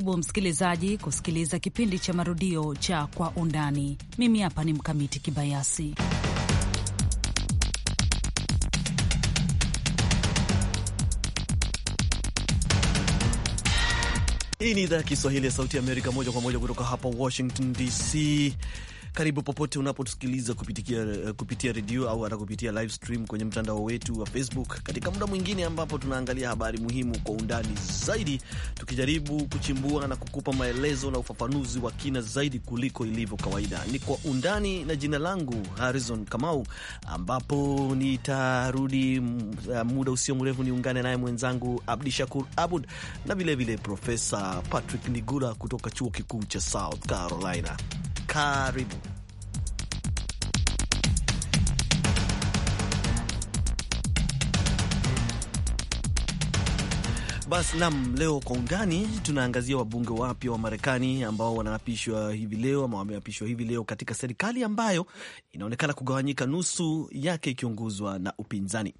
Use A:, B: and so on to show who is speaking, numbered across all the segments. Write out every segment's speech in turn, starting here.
A: msikilizaji kusikiliza kipindi cha marudio cha Kwa Undani. Mimi hapa ni Mkamiti Kibayasi. Hii ni idhaa
B: ya Kiswahili ya Sauti ya Amerika, moja kwa moja kutoka hapa Washington DC. Karibu popote unapotusikiliza kupitia, kupitia redio au hata kupitia live stream kwenye mtandao wetu wa Facebook katika muda mwingine ambapo tunaangalia habari muhimu kwa undani zaidi, tukijaribu kuchimbua na kukupa maelezo na ufafanuzi wa kina zaidi kuliko ilivyo kawaida. Ni kwa undani, na jina langu Harrison Kamau, ambapo nitarudi eh, muda usio mrefu niungane naye mwenzangu Abdi Shakur Abud na vilevile Profesa Patrick Nigula kutoka chuo kikuu cha South Carolina. Karibu. Basi nam, leo kwa undani tunaangazia wabunge wapya wa Marekani ambao wanaapishwa hivi leo ama wameapishwa hivi leo katika serikali ambayo inaonekana kugawanyika, nusu yake ikiongozwa na upinzani.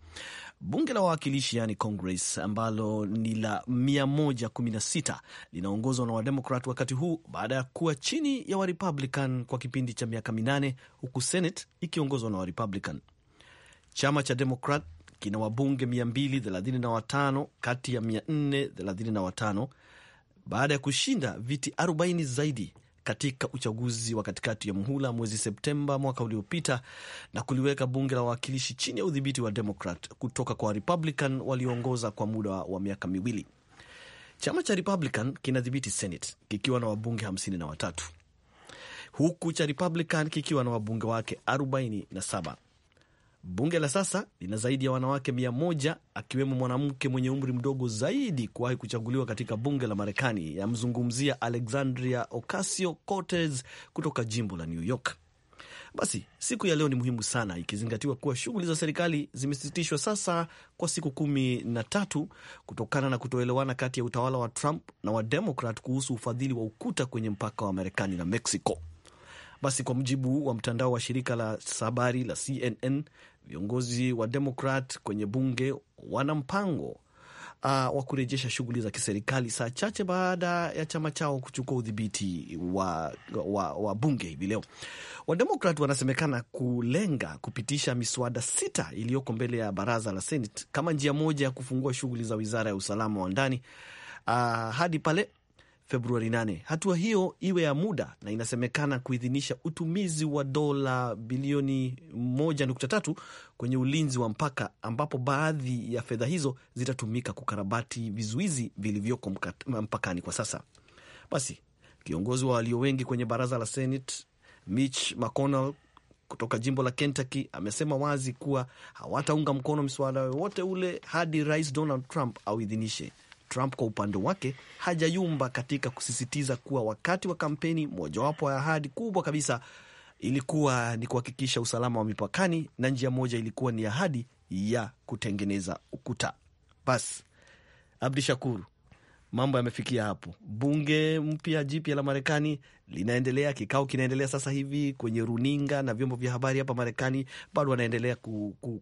B: Bunge la Wawakilishi yani Congress ambalo ni la 116 linaongozwa na Wademokrat wakati huu baada ya kuwa chini ya Warepublican kwa kipindi cha miaka minane, huku Senate ikiongozwa na Warepublican. Chama cha Demokrat kina wabunge 235 kati ya 435 baada ya kushinda viti 40 zaidi katika uchaguzi wa katikati ya muhula mwezi Septemba mwaka uliopita na kuliweka bunge la wawakilishi chini ya udhibiti wa Demokrat kutoka kwa Republican walioongoza kwa muda wa miaka miwili. Chama cha Republican kinadhibiti Senate kikiwa na wabunge hamsini na watatu huku cha Republican kikiwa na wabunge wake 47. Bunge la sasa lina zaidi ya wanawake mia moja akiwemo mwanamke mwenye umri mdogo zaidi kuwahi kuchaguliwa katika bunge la Marekani. Yamzungumzia Alexandria Ocasio Cortez kutoka jimbo la New York. Basi siku ya leo ni muhimu sana ikizingatiwa kuwa shughuli za serikali zimesitishwa sasa kwa siku kumi na tatu kutokana na kutoelewana kati ya utawala wa Trump na Wademokrat kuhusu ufadhili wa ukuta kwenye mpaka wa Marekani na Mexico. Basi kwa mujibu wa mtandao wa shirika la habari la CNN, viongozi wa Demokrat kwenye bunge wana mpango uh, wa kurejesha shughuli za kiserikali saa chache baada ya chama chao kuchukua udhibiti wa, wa, wa bunge hivi leo. Wademokrat wanasemekana kulenga kupitisha miswada sita iliyoko mbele ya baraza la Senate kama njia moja ya kufungua shughuli za wizara ya usalama wa ndani uh, hadi pale Februari 8. Hatua hiyo iwe ya muda na inasemekana kuidhinisha utumizi wa dola bilioni 1.3 kwenye ulinzi wa mpaka, ambapo baadhi ya fedha hizo zitatumika kukarabati vizuizi vilivyoko mpakani kwa sasa. Basi kiongozi wa walio wengi kwenye baraza la Senate Mitch McConnell kutoka jimbo la Kentucky amesema wazi kuwa hawataunga mkono mswada wowote ule hadi Rais Donald Trump auidhinishe. Trump kwa upande wake hajayumba katika kusisitiza kuwa wakati wa kampeni, mojawapo ya ahadi kubwa kabisa ilikuwa ni kuhakikisha usalama wa mipakani, na njia moja ilikuwa ni ahadi ya kutengeneza ukuta. Basi Abdi Shakuru, mambo yamefikia hapo. Bunge mpya jipya la Marekani linaendelea, kikao kinaendelea sasa hivi kwenye runinga na vyombo vya habari hapa Marekani, bado wanaendelea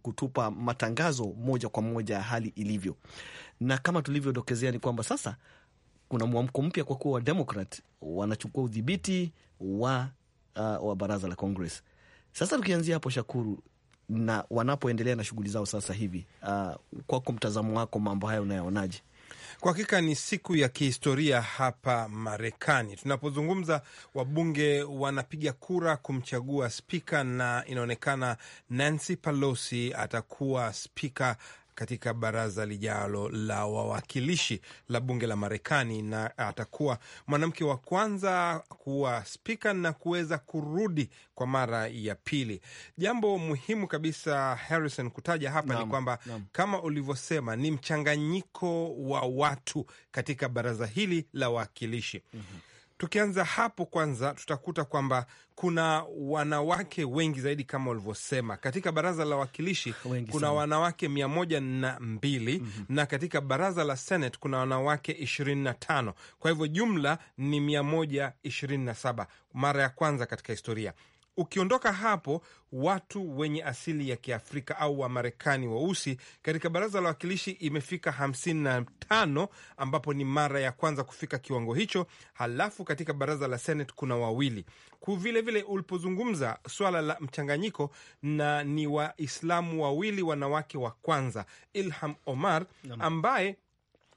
B: kutupa matangazo moja kwa moja ya hali ilivyo na kama tulivyodokezea ni kwamba sasa kuna mwamko mpya kwa kuwa Wademokrat wanachukua udhibiti wa, uh, wa baraza la Congress. Sasa tukianzia hapo, Shakuru, na wanapoendelea na shughuli zao sasa hivi, uh, kwako
C: mtazamo wako mambo haya unayaonaje? Kwa hakika ni siku ya kihistoria hapa Marekani. Tunapozungumza, wabunge wanapiga kura kumchagua spika, na inaonekana Nancy Pelosi atakuwa spika katika baraza lijalo la wawakilishi la bunge la Marekani, na atakuwa mwanamke wa kwanza kuwa spika na kuweza kurudi kwa mara ya pili. Jambo muhimu kabisa Harrison kutaja hapa ni kwamba kama ulivyosema ni mchanganyiko wa watu katika baraza hili la wawakilishi mm -hmm. Tukianza hapo kwanza, tutakuta kwamba kuna wanawake wengi zaidi kama walivyosema katika baraza la wawakilishi kuna wanawake mia moja na mbili mm -hmm. na katika baraza la Senate kuna wanawake ishirini na tano kwa hivyo jumla ni mia moja ishirini na saba mara ya kwanza katika historia Ukiondoka hapo, watu wenye asili ya Kiafrika au Wamarekani weusi katika baraza la wawakilishi imefika 55 ambapo ni mara ya kwanza kufika kiwango hicho. Halafu katika baraza la Senate kuna wawili. Vilevile ulipozungumza swala la mchanganyiko, na ni Waislamu wawili wanawake wa kwanza, Ilham Omar ambaye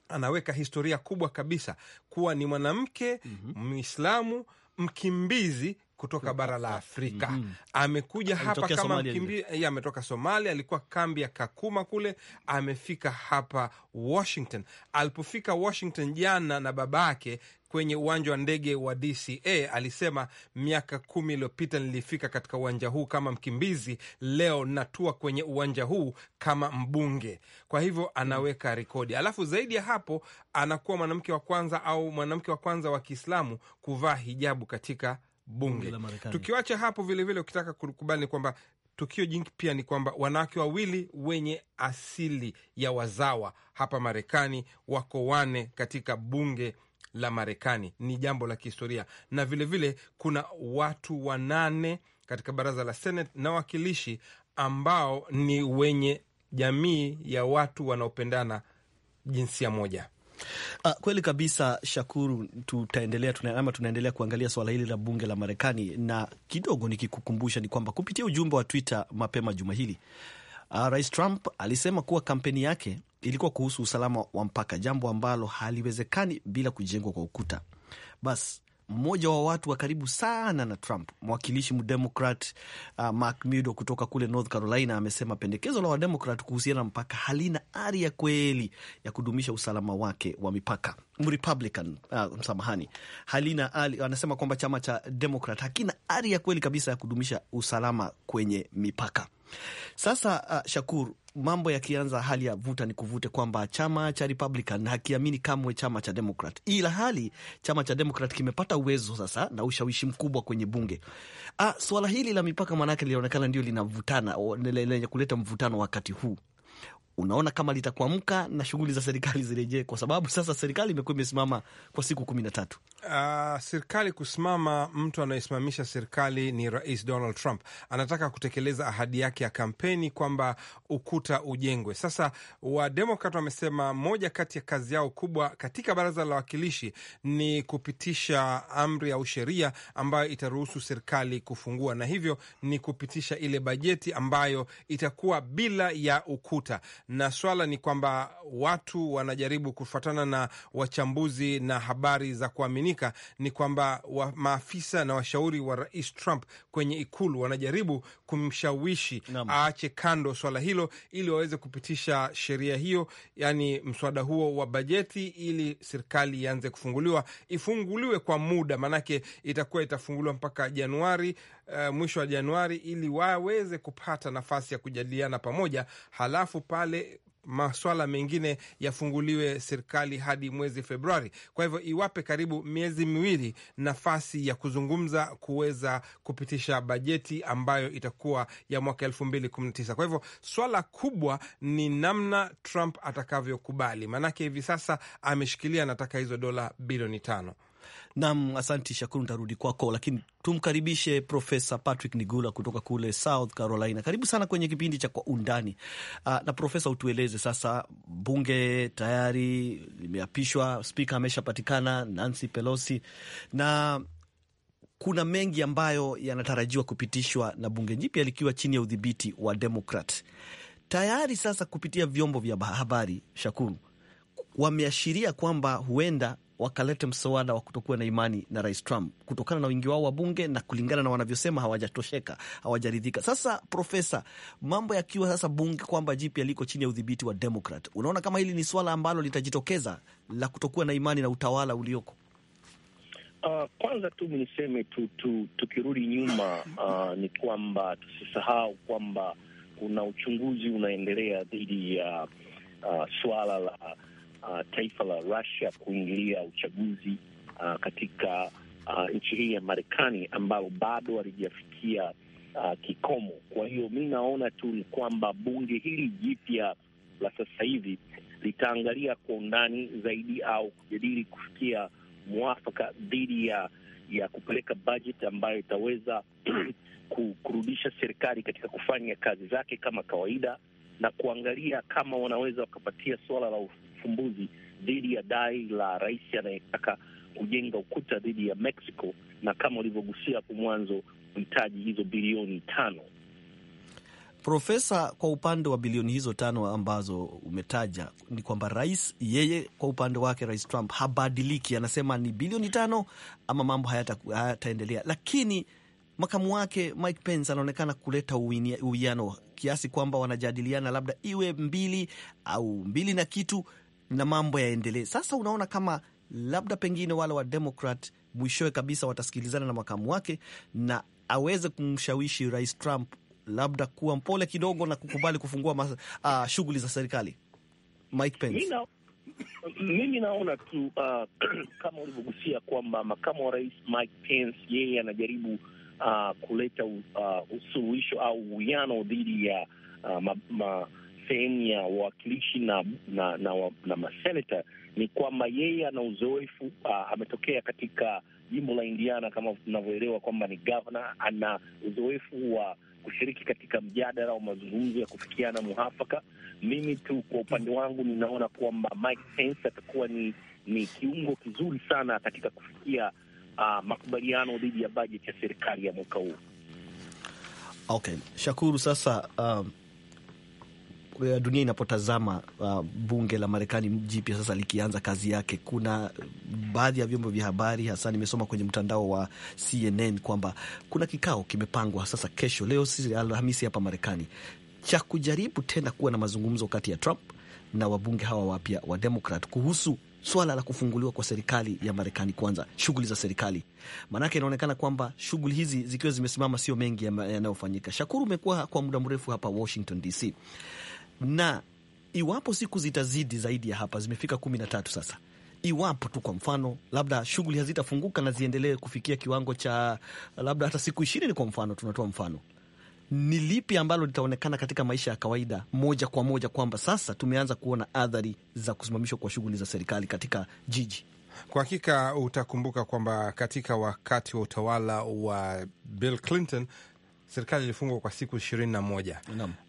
C: anaweka historia kubwa kabisa kuwa ni mwanamke mhm. Mwislamu mm -hmm. mkimbizi kutoka bara la Afrika. mm -hmm. Amekuja hapa kama mkimbizi, ametoka Somalia, alikuwa kambi ya Kakuma kule, amefika hapa Washington. Alipofika Washington jana na babake kwenye uwanja wa ndege wa DCA alisema, miaka kumi iliyopita nilifika katika uwanja huu kama mkimbizi, leo natua kwenye uwanja huu kama mbunge. Kwa hivyo anaweka rekodi, alafu zaidi ya hapo anakuwa mwanamke wa kwanza au mwanamke wa kwanza wa Kiislamu kuvaa hijabu katika bunge. Tukiwacha hapo, vilevile ukitaka kukubali ni kwamba tukio jingi pia ni kwamba wanawake wawili wenye asili ya wazawa hapa Marekani wako wane katika bunge la Marekani. Ni jambo la kihistoria, na vilevile vile, kuna watu wanane katika baraza la Senate na wakilishi ambao ni wenye jamii ya watu wanaopendana jinsia moja.
B: Uh, kweli kabisa Shakuru, tutaendelea tuna, ama tunaendelea kuangalia swala hili la bunge la Marekani, na kidogo nikikukumbusha ni kwamba kupitia ujumbe wa Twitter mapema juma hili uh, Rais Trump alisema kuwa kampeni yake ilikuwa kuhusu usalama wa mpaka, jambo ambalo haliwezekani bila kujengwa kwa ukuta. Basi mmoja wa watu wa karibu sana na Trump, mwakilishi mdemokrat uh, Mark Meadows kutoka kule North Carolina amesema pendekezo la wademokrat kuhusiana na mpaka halina ari ya kweli ya kudumisha usalama wake wa mipaka. Mrepublican, uh, msamahani, halina ari, anasema kwamba chama cha Demokrat hakina ari ya kweli kabisa ya kudumisha usalama kwenye mipaka. Sasa uh, Shakur, mambo yakianza hali ya vuta ni kuvute kwamba chama cha Republican hakiamini kamwe chama cha Democrat, ila hali chama cha Democrat kimepata uwezo sasa na ushawishi mkubwa kwenye bunge. Ah, swala hili la mipaka manake linaonekana ndio linavutana lenye kuleta mvutano wakati huu unaona kama litakuamka na shughuli za serikali zirejee, kwa sababu sasa serikali imekuwa imesimama kwa siku kumi na tatu.
C: Uh, serikali kusimama, mtu anayesimamisha serikali ni Rais Donald Trump. Anataka kutekeleza ahadi yake ya kampeni kwamba ukuta ujengwe. Sasa Wademokrat wamesema moja kati ya kazi yao kubwa katika baraza la wawakilishi ni kupitisha amri au sheria ambayo itaruhusu serikali kufungua, na hivyo ni kupitisha ile bajeti ambayo itakuwa bila ya ukuta na swala ni kwamba watu wanajaribu kufuatana na wachambuzi na habari za kuaminika, ni kwamba wa maafisa na washauri wa Rais Trump kwenye Ikulu wanajaribu kumshawishi aache kando swala hilo ili waweze kupitisha sheria hiyo, yani mswada huo wa bajeti, ili serikali ianze kufunguliwa, ifunguliwe kwa muda, maanake itakuwa itafunguliwa mpaka Januari uh, mwisho wa Januari ili waweze kupata nafasi ya kujadiliana pamoja, halafu pale maswala mengine yafunguliwe serikali hadi mwezi Februari. Kwa hivyo iwape karibu miezi miwili nafasi ya kuzungumza kuweza kupitisha bajeti ambayo itakuwa ya mwaka elfu mbili kumi na tisa. Kwa hivyo swala kubwa ni namna Trump atakavyokubali, maanake hivi sasa ameshikilia, anataka hizo dola bilioni tano. Nam, asanti Shakuru, ntarudi kwako,
B: lakini tumkaribishe Profesa Patrick Nigula kutoka kule South Carolina. Karibu sana kwenye kipindi cha Kwa Undani. Uh, na Profesa, utueleze sasa, bunge tayari limeapishwa, spika ameshapatikana Nancy Pelosi, na kuna mengi ambayo yanatarajiwa kupitishwa na bunge jipya likiwa chini ya udhibiti wa Demokrat tayari sasa kupitia vyombo vya habari Shakuru, wameashiria kwamba huenda wakalete mswada wa kutokuwa na imani na Rais Trump kutokana na wingi wao wa bunge, na kulingana na wanavyosema hawajatosheka, hawajaridhika. Sasa Profesa, mambo yakiwa sasa bunge kwamba jipya liko chini ya udhibiti wa Demokrat, unaona kama hili ni swala ambalo litajitokeza la kutokuwa na imani na utawala ulioko?
D: Uh, kwanza tu niseme tu, tu, tukirudi nyuma uh, ni kwamba tusisahau kwamba kuna uchunguzi unaendelea dhidi ya uh, uh, swala la uh, taifa la Russia kuingilia uchaguzi uh, katika uh, nchi hii ya Marekani ambalo bado halijafikia uh, kikomo. Kwa hiyo mi naona tu ni kwamba bunge hili jipya la sasa hivi litaangalia kwa undani zaidi au kujadili kufikia mwafaka dhidi ya ya kupeleka bajeti ambayo itaweza kurudisha serikali katika kufanya kazi zake kama kawaida, na kuangalia kama wanaweza wakapatia suala la ufumbuzi dhidi ya dai la rais anayetaka kujenga ukuta dhidi ya Mexico, na kama ulivyogusia hapo mwanzo, kuhitaji hizo bilioni tano.
B: Profesa, kwa upande wa bilioni hizo tano ambazo umetaja ni kwamba rais yeye, kwa upande wake, Rais Trump habadiliki, anasema ni bilioni tano ama mambo hayataendelea, hayata, lakini makamu wake Mike Pence anaonekana kuleta uwiano kiasi kwamba wanajadiliana labda iwe mbili au mbili na kitu, na mambo yaendelee. Sasa unaona kama labda pengine wale wa demokrat mwishowe kabisa watasikilizana na makamu wake na aweze kumshawishi Rais Trump labda kuwa mpole kidogo na kukubali kufungua uh, shughuli za serikali. Mike Pence. Mina,
D: mimi naona tu uh, kama ulivyogusia kwamba makamu wa rais Mike Pence yeye anajaribu uh, kuleta uh, usuluhisho au uwiano dhidi ya uh, ma, ma, sehemu ya wawakilishi na na, na, na, na maseneta ni kwamba yeye ana uzoefu uh, ametokea katika jimbo la Indiana kama tunavyoelewa kwamba ni gavana, ana uzoefu wa kushiriki katika mjadala wa mazungumzo ya kufikiana muhafaka. Mimi tu kwa upande wangu ninaona kwamba Mike Pence atakuwa ni, ni kiungo kizuri sana katika kufikia uh, makubaliano dhidi ya bajeti ya serikali ya mwaka huu.
B: Okay, shakuru sasa um... Eh, dunia inapotazama uh, bunge la Marekani jipya sasa likianza kazi yake, kuna baadhi ya vyombo vya habari, hasa nimesoma kwenye mtandao wa CNN kwamba kuna kikao kimepangwa sasa kesho, leo si Alhamisi hapa Marekani, cha kujaribu tena kuwa na mazungumzo kati ya Trump na wabunge hawa wapya wa Demokrat kuhusu swala la kufunguliwa kwa serikali ya Marekani kwanza, shughuli za serikali. Maanake inaonekana kwamba shughuli hizi zikiwa zimesimama, sio mengi yanayofanyika. Shakuru, umekuwa kwa muda mrefu hapa Washington DC na iwapo siku zitazidi zaidi ya hapa, zimefika kumi na tatu sasa iwapo tu kwa mfano labda shughuli hazitafunguka na ziendelee kufikia kiwango cha labda hata siku ishirini kwa mfano, tunatoa mfano, ni lipi ambalo litaonekana katika maisha ya kawaida moja kwa moja kwamba sasa tumeanza kuona
C: athari za kusimamishwa kwa shughuli za serikali katika jiji? Kwa hakika utakumbuka kwamba katika wakati wa utawala wa Bill Clinton serikali ilifungwa kwa siku ishirini na moja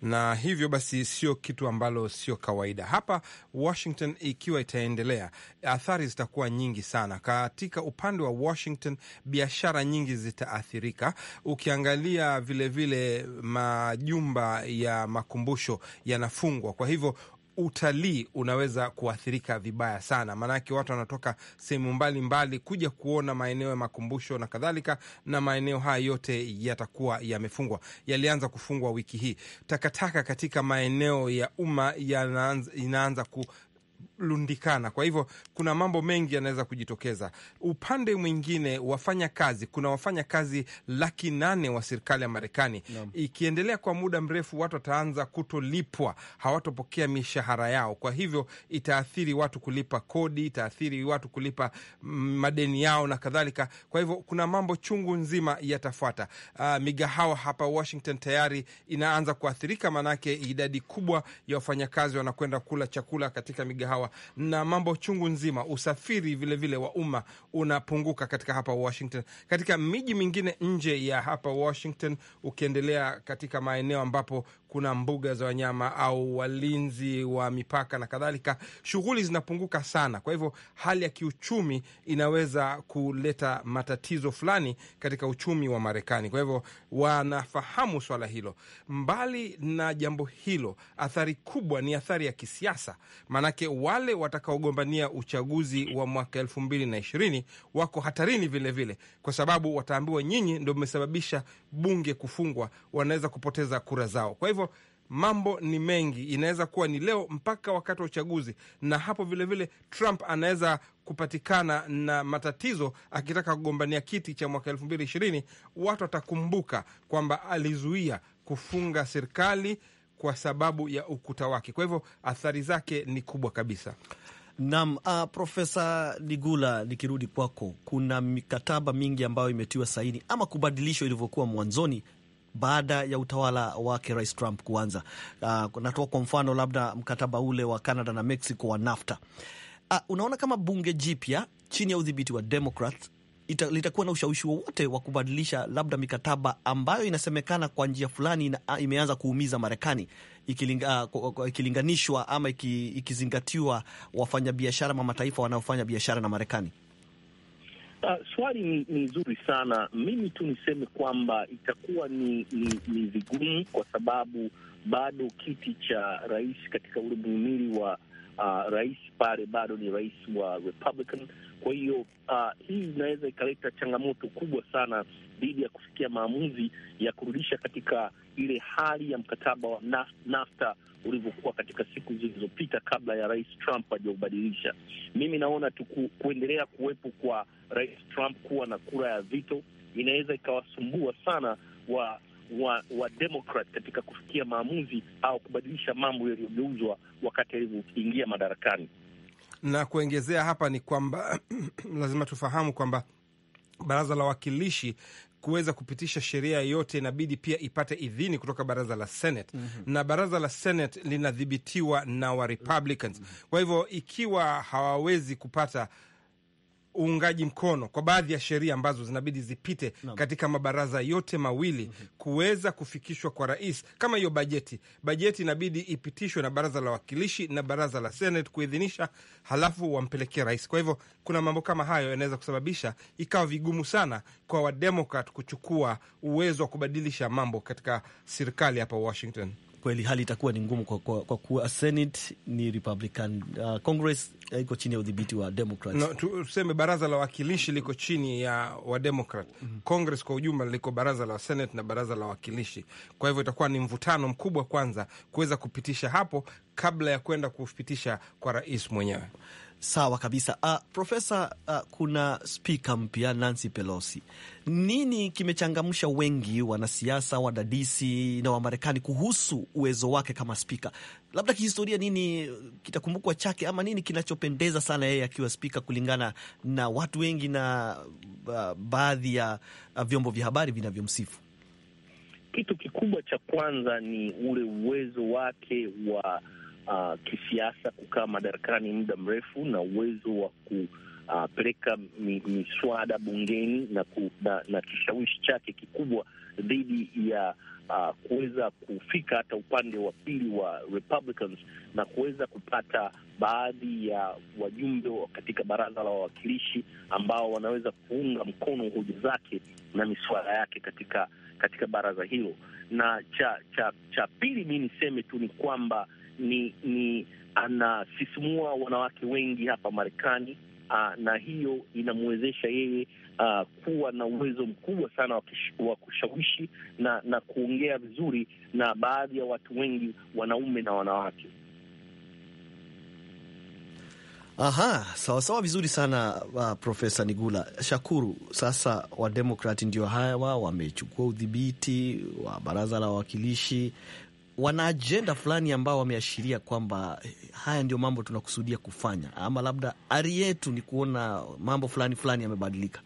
C: na hivyo basi sio kitu ambalo sio kawaida hapa Washington. Ikiwa itaendelea, athari zitakuwa nyingi sana katika upande wa Washington, biashara nyingi zitaathirika. Ukiangalia vilevile vile majumba ya makumbusho yanafungwa, kwa hivyo utalii unaweza kuathirika vibaya sana, maanake watu wanatoka sehemu mbalimbali kuja kuona maeneo ya makumbusho na kadhalika, na maeneo haya yote yatakuwa yamefungwa. Yalianza kufungwa wiki hii. Takataka katika maeneo ya umma inaanza ku kulundikana. Kwa hivyo kuna mambo mengi yanaweza kujitokeza. Upande mwingine, wafanya kazi, kuna wafanya kazi laki nane wa serikali ya Marekani. Ikiendelea kwa muda mrefu, watu wataanza kutolipwa, hawatopokea mishahara yao. Kwa hivyo itaathiri watu kulipa kodi, itaathiri watu kulipa mm, madeni yao na kadhalika. Kwa hivyo kuna mambo chungu nzima yatafuata. Uh, migahawa hapa Washington tayari inaanza kuathirika, maanake idadi kubwa ya wafanyakazi wanakwenda kula chakula katika migahawa na mambo chungu nzima. Usafiri vilevile vile wa umma unapunguka katika hapa Washington, katika miji mingine nje ya hapa Washington, ukiendelea katika maeneo ambapo kuna mbuga za wanyama au walinzi wa mipaka na kadhalika, shughuli zinapunguka sana. Kwa hivyo hali ya kiuchumi inaweza kuleta matatizo fulani katika uchumi wa Marekani. Kwa hivyo wanafahamu swala hilo. Mbali na jambo hilo, athari kubwa ni athari ya kisiasa, maanake wale watakaogombania uchaguzi wa mwaka elfu mbili na ishirini wako hatarini vilevile vile, kwa sababu wataambiwa nyinyi ndo mmesababisha bunge kufungwa, wanaweza kupoteza kura zao. Kwa hivyo hivyo mambo ni mengi, inaweza kuwa ni leo mpaka wakati wa uchaguzi, na hapo vilevile vile Trump anaweza kupatikana na matatizo akitaka kugombania kiti cha mwaka elfu mbili ishirini. Watu watakumbuka kwamba alizuia kufunga serikali kwa sababu ya ukuta wake. Kwa hivyo athari zake ni kubwa kabisa. Naam, uh, Profesa Digula, nikirudi kwako, kuna
B: mikataba mingi ambayo imetiwa saini ama kubadilishwa ilivyokuwa mwanzoni baada ya utawala wake Rais Trump kuanza. Uh, natoa kwa mfano labda mkataba ule wa Canada na Mexico wa NAFTA. Uh, unaona kama bunge jipya chini ya udhibiti wa Democrat ita, litakuwa na ushawishi wowote wa kubadilisha labda mikataba ambayo inasemekana kwa njia fulani ina, ah, imeanza kuumiza Marekani ikilinga, uh, ikilinganishwa ama ikizingatiwa wafanyabiashara ma mataifa wanaofanya biashara na Marekani?
D: Uh, swali ni, ni nzuri sana. Mimi tu niseme kwamba itakuwa ni, ni, ni vigumu kwa sababu bado kiti cha rais katika ule muhimili wa uh, rais pale bado ni rais wa Republican. Kwa hiyo uh, hii inaweza ikaleta changamoto kubwa sana dhidi ya kufikia maamuzi ya kurudisha katika ile hali ya mkataba wa NAFTA ulivyokuwa katika siku zilizopita kabla ya Rais Trump hajaubadilisha. Mimi naona tu kuendelea kuwepo kwa Rais Trump kuwa na kura ya vito inaweza ikawasumbua sana wa wa, wa Democrat katika kufikia maamuzi au kubadilisha mambo yaliyogeuzwa wakati alivyoingia madarakani.
C: Na kuongezea hapa ni kwamba lazima tufahamu kwamba baraza la wawakilishi kuweza kupitisha sheria yote inabidi pia ipate idhini kutoka baraza la Senate mm -hmm. na baraza la Senate linadhibitiwa na wa Republicans. Mhm. Kwa hivyo ikiwa hawawezi kupata uungaji mkono kwa baadhi ya sheria ambazo zinabidi zipite no. katika mabaraza yote mawili mm -hmm. kuweza kufikishwa kwa rais, kama hiyo bajeti. Bajeti inabidi ipitishwe na baraza la wawakilishi na baraza la senat kuidhinisha, halafu wampelekee rais. Kwa hivyo kuna mambo kama hayo yanaweza kusababisha ikawa vigumu sana kwa Wademokrat kuchukua uwezo wa kubadilisha mambo katika serikali hapa Washington
B: kweli hali itakuwa ni ngumu kwa, kwa, kwa kuwa Senate ni Republican. Uh, Congress eh, iko chini ya udhibiti wa Democrat. No,
C: tuseme baraza la wawakilishi liko chini ya wademokrat. mm -hmm. Congress kwa ujumla liko baraza la Senate na baraza la wawakilishi, kwa hivyo itakuwa ni mvutano mkubwa kwanza kuweza kupitisha hapo kabla ya kwenda kupitisha kwa rais mwenyewe. Sawa kabisa. Uh, Profesa, uh, kuna spika mpya
B: Nancy Pelosi. Nini kimechangamsha wengi wanasiasa, wadadisi na Wamarekani kuhusu uwezo wake kama spika? Labda kihistoria, nini kitakumbukwa chake ama nini kinachopendeza sana yeye akiwa spika, kulingana na watu wengi na uh, baadhi ya uh, vyombo vya habari vinavyomsifu? Kitu
D: kikubwa cha kwanza ni ule uwezo wake wa uh, kisiasa kukaa madarakani muda mrefu na uwezo wa kupeleka ah, uh, miswada bungeni na, ku, na, na kishawishi chake kikubwa dhidi ya uh, kuweza kufika hata upande wa pili wa Republicans na kuweza kupata baadhi ya wajumbe katika baraza la wawakilishi ambao wanaweza kuunga mkono hoja zake na miswada yake katika katika baraza hilo. Na cha cha cha pili, mi niseme tu ni kwamba ni ni ah, anasisimua wanawake wengi hapa Marekani. Uh, na hiyo inamwezesha yeye uh, kuwa na uwezo mkubwa sana wa kushawishi na na kuongea vizuri na baadhi ya watu wengi, wanaume na wanawake.
B: Aha, sawa sawa, vizuri sana uh, Profesa Nigula Shakuru. Sasa Wademokrati ndio hawa wamechukua udhibiti wa baraza la wawakilishi wana ajenda fulani ambao wameashiria kwamba eh, haya ndio mambo
C: tunakusudia kufanya, ama labda ari yetu ni kuona mambo fulani fulani yamebadilika.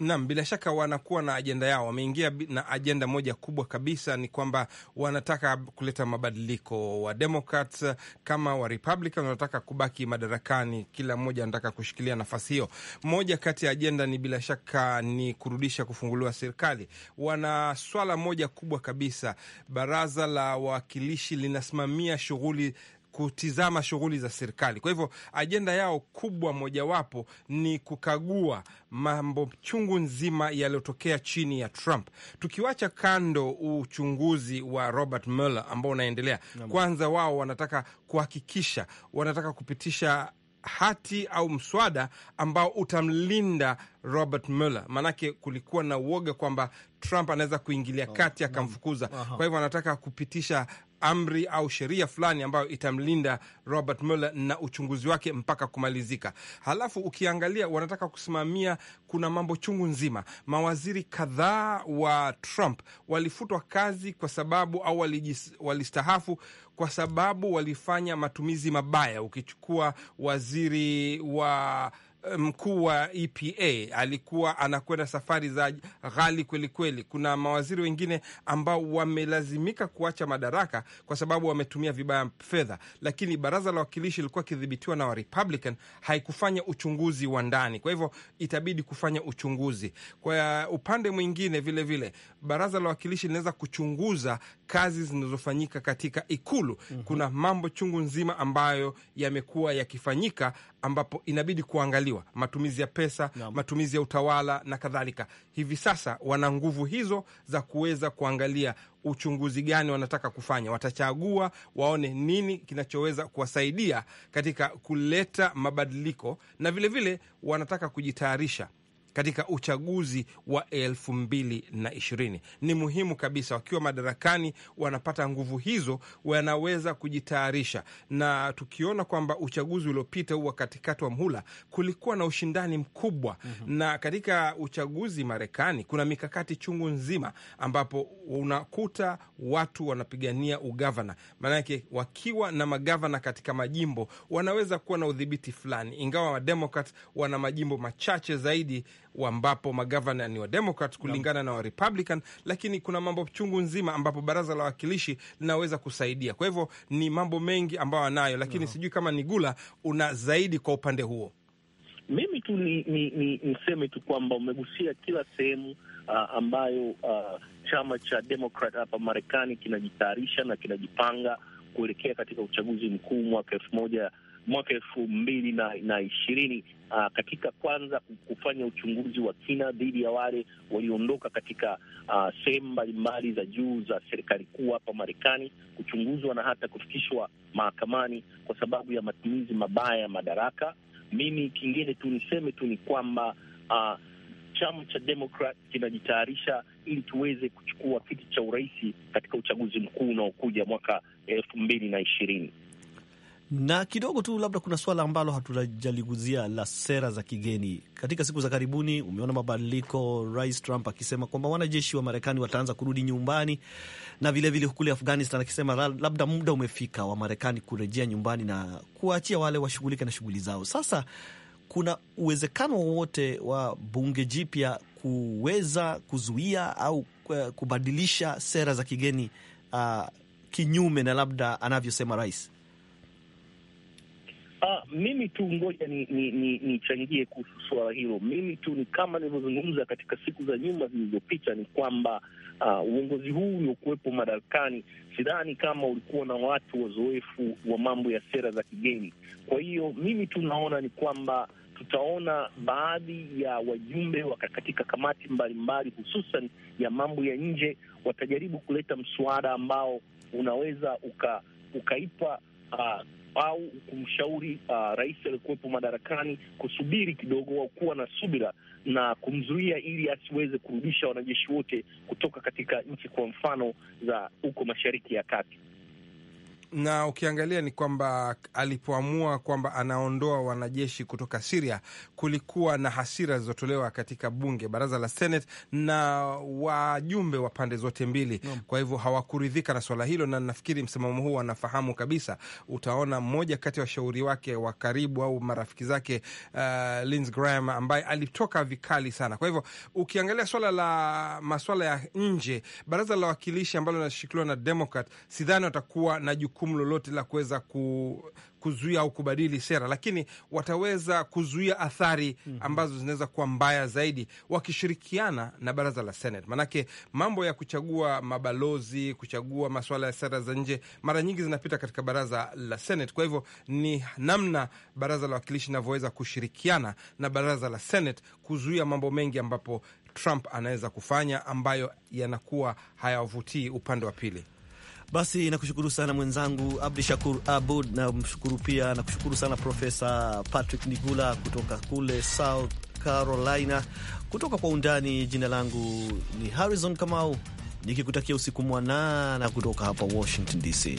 C: Naam, bila shaka wanakuwa na ajenda yao, wameingia na ajenda moja kubwa kabisa, ni kwamba wanataka kuleta mabadiliko. Wa Democrats eh, kama wa Republican wanataka kubaki madarakani, kila mmoja anataka kushikilia nafasi hiyo. Moja kati ya ajenda ni bila shaka ni kurudisha kufunguliwa serikali. Wana swala moja kubwa kabisa, baraza la wawakilishi linasimamia shughuli kutizama shughuli za serikali. Kwa hivyo ajenda yao kubwa mojawapo ni kukagua mambo chungu nzima yaliyotokea chini ya Trump, tukiwacha kando uchunguzi wa Robert Mueller ambao unaendelea. Kwanza wao wanataka kuhakikisha, wanataka kupitisha hati au mswada ambao utamlinda Robert Mueller, maanake kulikuwa na uoga kwamba Trump anaweza kuingilia oh, kati akamfukuza. Kwa hivyo anataka kupitisha amri au sheria fulani ambayo itamlinda Robert Mueller na uchunguzi wake mpaka kumalizika. Halafu ukiangalia wanataka kusimamia, kuna mambo chungu nzima. Mawaziri kadhaa wa Trump walifutwa kazi kwa sababu au walistahafu kwa sababu walifanya matumizi mabaya. Ukichukua waziri wa mkuu wa EPA alikuwa anakwenda safari za ghali kwelikweli. Kuna mawaziri wengine ambao wamelazimika kuacha madaraka kwa sababu wametumia vibaya fedha, lakini baraza la wakilishi lilikuwa ikidhibitiwa na wa Republican, haikufanya uchunguzi wa ndani, kwa hivyo itabidi kufanya uchunguzi. Kwa upande mwingine vilevile vile, baraza la wakilishi linaweza kuchunguza kazi zinazofanyika katika ikulu. mm -hmm. Kuna mambo chungu nzima ambayo yamekuwa yakifanyika ambapo inabidi kuangaliwa kusimamiwa, matumizi ya pesa Naam. matumizi ya utawala na kadhalika. Hivi sasa wana nguvu hizo za kuweza kuangalia uchunguzi gani wanataka kufanya. Watachagua waone nini kinachoweza kuwasaidia katika kuleta mabadiliko, na vilevile vile wanataka kujitayarisha katika uchaguzi wa elfu mbili na ishirini. Ni muhimu kabisa, wakiwa madarakani wanapata nguvu hizo, wanaweza kujitayarisha. Na tukiona kwamba uchaguzi uliopita huu wa katikati wa mhula kulikuwa na ushindani mkubwa mm -hmm. na katika uchaguzi Marekani kuna mikakati chungu nzima, ambapo unakuta watu wanapigania ugavana, maanake wakiwa na magavana katika majimbo wanaweza kuwa na udhibiti fulani, ingawa Wademokrat wana majimbo machache zaidi ambapo magavana ni wa Democrat kulingana na wa Republican, lakini kuna mambo chungu nzima ambapo baraza la wawakilishi linaweza kusaidia. Kwa hivyo ni mambo mengi ambayo anayo, lakini no. sijui kama Nigula una zaidi kwa upande huo. Mimi tu ni, ni, ni niseme tu kwamba umegusia
D: kila sehemu uh, ambayo uh, chama cha Democrat hapa Marekani kinajitayarisha na kinajipanga kuelekea katika uchaguzi mkuu mwaka elfu moja mwaka elfu mbili na, na ishirini uh, katika kwanza kufanya uchunguzi wa kina dhidi ya wale walioondoka katika uh, sehemu mbalimbali za juu za serikali kuu hapa Marekani, kuchunguzwa na hata kufikishwa mahakamani kwa sababu ya matumizi mabaya ya madaraka. Mimi kingine tu niseme tu ni kwamba uh, chama cha Demokrat kinajitayarisha ili tuweze kuchukua kiti cha urais katika uchaguzi mkuu unaokuja mwaka elfu mbili na ishirini.
B: Na kidogo tu, labda kuna suala ambalo hatujaliguzia la sera za kigeni. Katika siku za karibuni umeona mabadiliko, Rais Trump akisema kwamba wanajeshi wa Marekani wataanza kurudi nyumbani, na vilevile kule Afghanistan akisema labda muda umefika wa Marekani kurejea nyumbani na kuwaachia wale washughulike na shughuli zao. Sasa kuna uwezekano wowote wa bunge jipya kuweza kuzuia au kubadilisha sera za kigeni uh, kinyume na labda anavyosema rais?
D: Ah, mimi tu ngoja nichangie ni, ni, ni kuhusu suala hilo. Mimi tu ni kama nilivyozungumza katika siku za nyuma zilizopita, ni kwamba uh, uongozi huu uliokuwepo madarakani sidhani kama ulikuwa na watu wazoefu wa mambo ya sera za kigeni. Kwa hiyo mimi tu naona ni kwamba tutaona baadhi ya wajumbe katika kamati mbalimbali, hususan ya mambo ya nje, watajaribu kuleta mswada ambao unaweza uka, ukaipa uh, au kumshauri uh, rais aliyekuwepo madarakani kusubiri kidogo au kuwa na subira na kumzuia ili asiweze kurudisha wanajeshi wote kutoka katika nchi, kwa mfano za huko Mashariki ya Kati
C: na ukiangalia ni kwamba alipoamua kwamba anaondoa wanajeshi kutoka Siria, kulikuwa na hasira zilizotolewa katika bunge, baraza la Senate, na wajumbe wa pande zote mbili no. Kwa hivyo hawakuridhika na swala hilo, na nafikiri msimamo huu anafahamu kabisa. Utaona mmoja kati ya wa washauri wake wa karibu au marafiki zake uh, Lindsey Graham ambaye alitoka vikali sana. Kwa hivyo ukiangalia swala la maswala ya nje, baraza la wakilishi ambalo linashikiliwa na Democrat, sidhani watakuwa na jukumu jukumu lolote la kuweza kuzuia au kubadili sera, lakini wataweza kuzuia athari mhm. ambazo zinaweza kuwa mbaya zaidi wakishirikiana na baraza la Senate. Maanake mambo ya kuchagua mabalozi, kuchagua masuala ya sera za nje, mara nyingi zinapita katika baraza la Senate. Kwa hivyo ni namna baraza la wakilishi linavyoweza kushirikiana na baraza la Senate kuzuia mambo mengi ambapo Trump anaweza kufanya ambayo yanakuwa hayawavutii upande wa pili. Basi nakushukuru sana mwenzangu Abdi Shakur Abud, namshukuru pia nakushukuru sana
B: Profesa Patrick Nigula kutoka kule South Carolina. Kutoka kwa undani, jina langu ni Harrison Kamau nikikutakia usiku mwanana kutoka hapa Washington DC.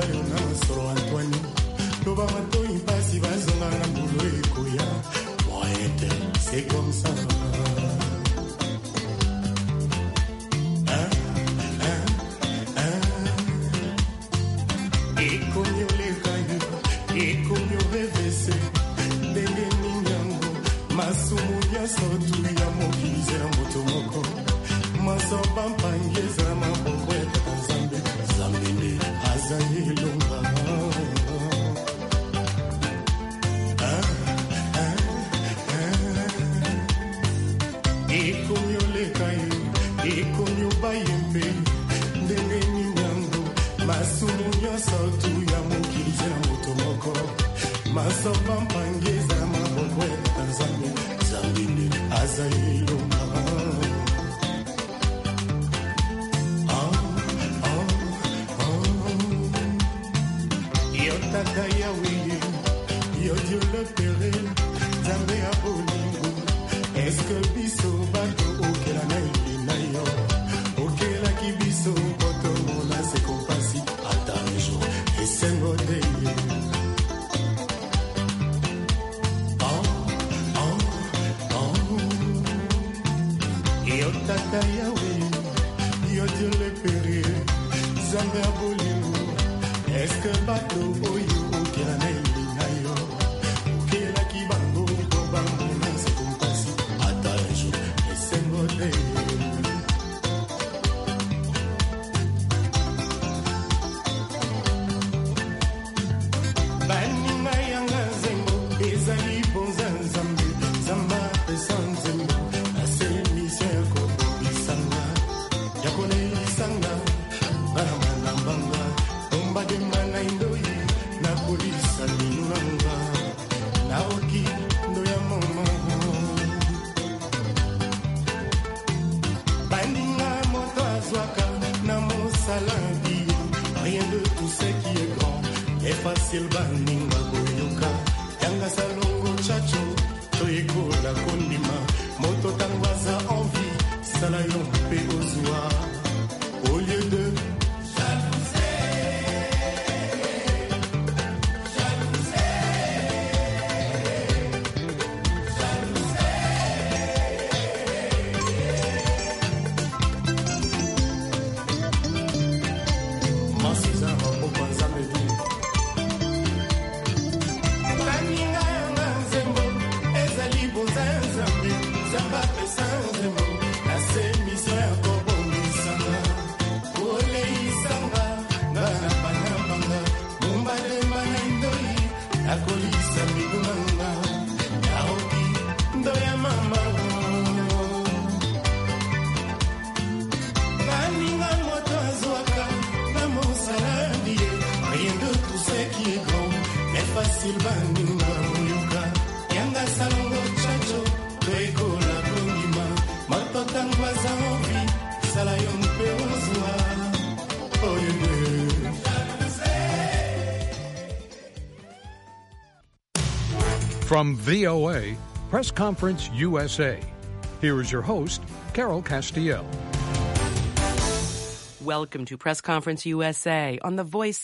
A: bayonga masolo comme ça
C: From VOA, Press Conference USA, here is your host, Carol Castillo.
A: Welcome to Press Conference USA on the Voice